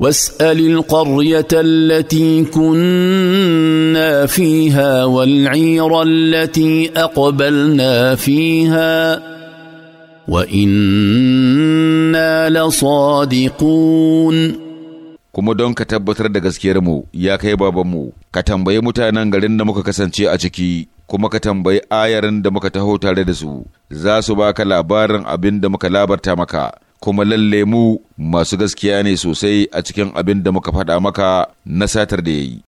واسال القريه التي كنا فيها والعير التي اقبلنا فيها وانا لصادقون kuma don ka tabbatar da gaskiyar mu ya kai babanmu ka tambayi mutanen garin da muka kasance a ciki kuma ka tambayi ayarin da muka taho tare da su za su baka labarin abin da muka labarta maka kuma lalle mu masu gaskiya ne sosai a cikin abin da muka faɗa maka na satar da ya